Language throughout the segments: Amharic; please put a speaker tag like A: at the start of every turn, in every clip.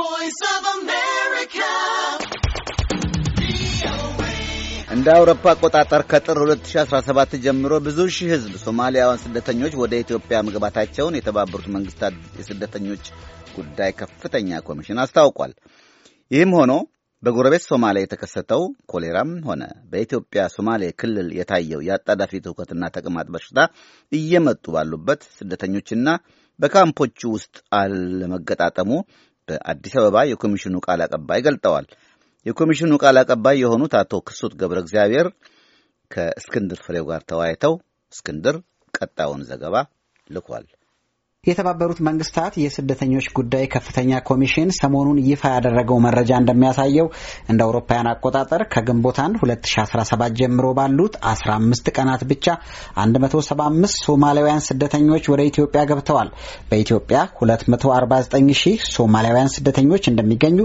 A: voice
B: እንደ አውሮፓ አቆጣጠር ከጥር 2017 ጀምሮ ብዙ ሺህ ህዝብ ሶማሊያውያን ስደተኞች ወደ ኢትዮጵያ መግባታቸውን የተባበሩት መንግስታት የስደተኞች ጉዳይ ከፍተኛ ኮሚሽን አስታውቋል። ይህም ሆኖ በጎረቤት ሶማሊያ የተከሰተው ኮሌራም ሆነ በኢትዮጵያ ሶማሌ ክልል የታየው የአጣዳፊ ትውከትና ተቅማጥ በሽታ እየመጡ ባሉበት ስደተኞችና በካምፖቹ ውስጥ አለመገጣጠሙ በአዲስ አበባ የኮሚሽኑ ቃል አቀባይ ገልጠዋል። የኮሚሽኑ ቃል አቀባይ የሆኑት አቶ ክሱት ገብረ እግዚአብሔር ከእስክንድር ፍሬው ጋር ተወያይተው እስክንድር ቀጣዩን ዘገባ ልኳል።
A: የተባበሩት መንግስታት የስደተኞች ጉዳይ ከፍተኛ ኮሚሽን ሰሞኑን ይፋ ያደረገው መረጃ እንደሚያሳየው እንደ አውሮፓውያን አቆጣጠር ከግንቦት 1 2017 ጀምሮ ባሉት 15 ቀናት ብቻ 175 ሶማሊያውያን ስደተኞች ወደ ኢትዮጵያ ገብተዋል። በኢትዮጵያ 249 ሺህ ሶማሊያውያን ስደተኞች እንደሚገኙ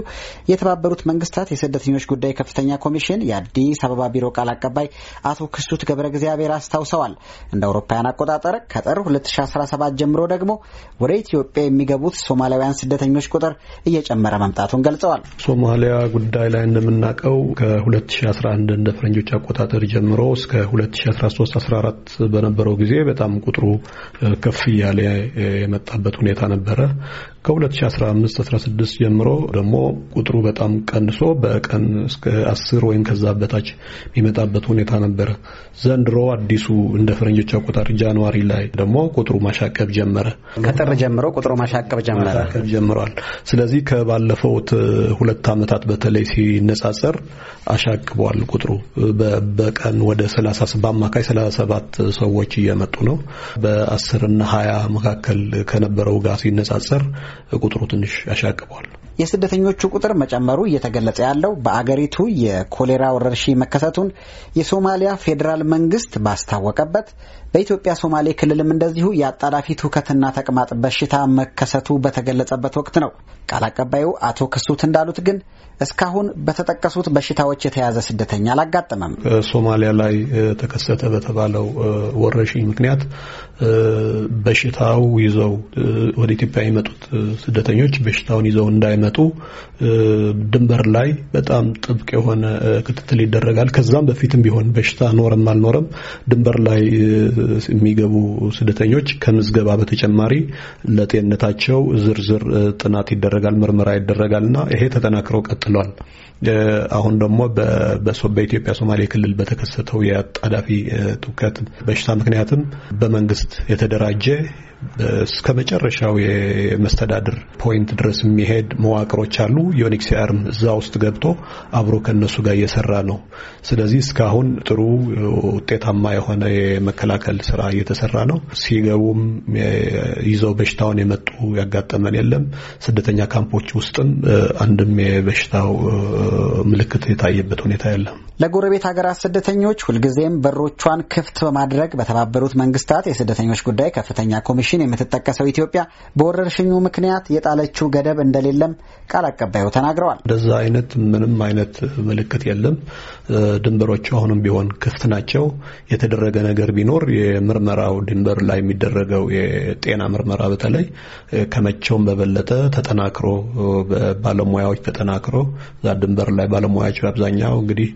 A: የተባበሩት መንግስታት የስደተኞች ጉዳይ ከፍተኛ ኮሚሽን የአዲስ አበባ ቢሮ ቃል አቀባይ አቶ ክሱት ገብረ እግዚአብሔር አስታውሰዋል። እንደ አውሮፓውያን አቆጣጠር ከጥር 2017 ጀምሮ ደግሞ ወደ ኢትዮጵያ የሚገቡት ሶማሊያውያን ስደተኞች ቁጥር እየጨመረ መምጣቱን ገልጸዋል።
C: ሶማሊያ ጉዳይ ላይ እንደምናውቀው ከ2011 እንደ ፈረንጆች አቆጣጠር ጀምሮ እስከ 2013/14 በነበረው ጊዜ በጣም ቁጥሩ ከፍ እያለ የመጣበት ሁኔታ ነበረ። ከ2015/16 ጀምሮ ደግሞ ቁጥሩ በጣም ቀንሶ በቀን እስከ 10 ወይም ከዛ በታች የሚመጣበት ሁኔታ ነበረ። ዘንድሮ አዲሱ እንደ ፈረንጆች አቆጣጠር ጃንዋሪ ላይ ደግሞ ቁጥሩ ማሻቀብ ጀመረ።
A: ከጥር ጀምሮ ቁጥሩ ማሻቀብ
C: ጀምሯል። ስለዚህ ከባለፈውት ሁለት ዓመታት በተለይ ሲነጻጸር አሻቅቧል ቁጥሩ በቀን ወደ 30 በአማካይ 37 ሰዎች እየመጡ ነው። በ10 እና 20 መካከል ከነበረው ጋር ሲነጻጸር ቁጥሩ ትንሽ አሻቅቧል።
A: የስደተኞቹ ቁጥር መጨመሩ እየተገለጸ ያለው
C: በአገሪቱ የኮሌራ ወረርሽኝ መከሰቱን
A: የሶማሊያ ፌዴራል መንግስት ባስታወቀበት በኢትዮጵያ ሶማሌ ክልልም እንደዚሁ የአጣዳፊ ትውከትና ተቅማጥ በሽታ መከሰቱ በተገለጸበት ወቅት ነው። ቃል አቀባዩ አቶ ክሱት እንዳሉት ግን እስካሁን በተጠቀሱት በሽታዎች የተያዘ ስደተኛ አላጋጠመም።
C: ሶማሊያ ላይ ተከሰተ በተባለው ወረርሽኝ ምክንያት በሽታው ይዘው ወደ ኢትዮጵያ የመጡት ስደተኞች በሽታውን ይዘው እንዳይመ ሲመጡ ድንበር ላይ በጣም ጥብቅ የሆነ ክትትል ይደረጋል። ከዛም በፊትም ቢሆን በሽታ ኖረም አልኖረም ድንበር ላይ የሚገቡ ስደተኞች ከምዝገባ በተጨማሪ ለጤንነታቸው ዝርዝር ጥናት ይደረጋል፣ ምርመራ ይደረጋልና ይሄ ተጠናክረው ቀጥሏል። አሁን ደግሞ በኢትዮጵያ ሶማሌ ክልል በተከሰተው የአጣዳፊ ትውከት በሽታ ምክንያትም በመንግስት የተደራጀ እስከ መጨረሻው የመስተዳድር ፖይንት ድረስ የሚሄድ መዋቅሮች አሉ። ዮኒክስ አርም እዛ ውስጥ ገብቶ አብሮ ከነሱ ጋር እየሰራ ነው። ስለዚህ እስካሁን ጥሩ ውጤታማ የሆነ የመከላከል ስራ እየተሰራ ነው። ሲገቡም ይዘው በሽታውን የመጡ ያጋጠመን የለም። ስደተኛ ካምፖች ውስጥም አንድም የበሽታው ምልክት የታየበት ሁኔታ የለም።
A: ለጎረቤት ሀገራት ስደተኞች ሁልጊዜም በሮቿን ክፍት በማድረግ በተባበሩት መንግስታት የስደተኞች ጉዳይ ከፍተኛ ኮሚሽን የምትጠቀሰው ኢትዮጵያ በወረርሽኙ ምክንያት የጣለችው ገደብ እንደሌለም ቃል አቀባዩ ተናግረዋል።
C: እንደዛ አይነት ምንም አይነት ምልክት የለም። ድንበሮቹ አሁንም ቢሆን ክፍት ናቸው። የተደረገ ነገር ቢኖር የምርመራው ድንበር ላይ የሚደረገው የጤና ምርመራ በተለይ ከመቼውም በበለጠ ተጠናክሮ ባለሙያዎች ተጠናክሮ እዛ ድንበር ላይ ባለሙያዎች በአብዛኛው እንግዲህ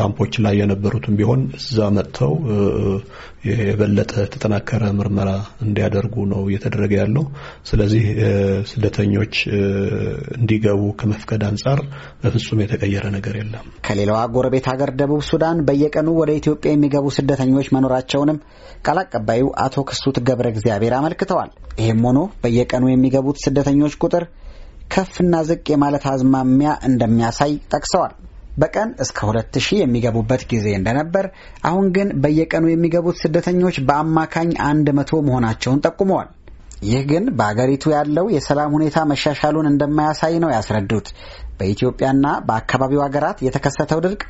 C: ካምፖች ላይ የነበሩትም ቢሆን እዛ መጥተው የበለጠ የተጠናከረ ምርመራ እንዲያደርጉ ነው እየተደረገ ያለው። ስለዚህ ስደተኞች እንዲገቡ ከመፍቀድ አንጻር በፍጹም የተቀየረ ነገር የለም።
A: ከሌላዋ ጎረቤት ሀገር ደቡብ ሱዳን በየቀኑ ወደ ኢትዮጵያ የሚገቡ ስደተኞች መኖራቸውንም ቃል አቀባዩ አቶ ክሱት ገብረ እግዚአብሔር አመልክተዋል። ይህም ሆኖ በየቀኑ የሚገቡት ስደተኞች ቁጥር ከፍና ዝቅ የማለት አዝማሚያ እንደሚያሳይ ጠቅሰዋል። በቀን እስከ ሁለት ሺህ የሚገቡበት ጊዜ እንደነበር፣ አሁን ግን በየቀኑ የሚገቡት ስደተኞች በአማካኝ አንድ መቶ መሆናቸውን ጠቁመዋል። ይህ ግን በአገሪቱ ያለው የሰላም ሁኔታ መሻሻሉን እንደማያሳይ ነው ያስረዱት። በኢትዮጵያና በአካባቢው ሀገራት የተከሰተው ድርቅ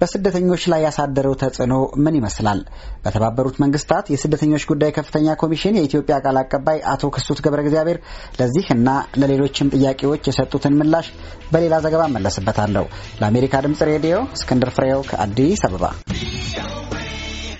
A: በስደተኞች ላይ ያሳደረው ተጽዕኖ ምን ይመስላል? በተባበሩት መንግስታት የስደተኞች ጉዳይ ከፍተኛ ኮሚሽን የኢትዮጵያ ቃል አቀባይ አቶ ክሱት ገብረ እግዚአብሔር ለዚህ እና ለሌሎችም ጥያቄዎች የሰጡትን ምላሽ በሌላ ዘገባ መለስበታለሁ። ለአሜሪካ ድምጽ ሬዲዮ እስክንድር ፍሬው ከአዲስ አበባ